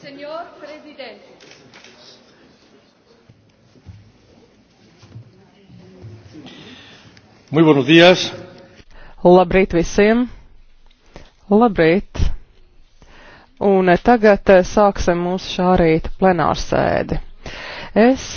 Señor Presidente. Muy buenos días. Labrīt visiem! Labrīt! Un tagad eh, sāksim mūsu šā rīta plenārsēdi. Es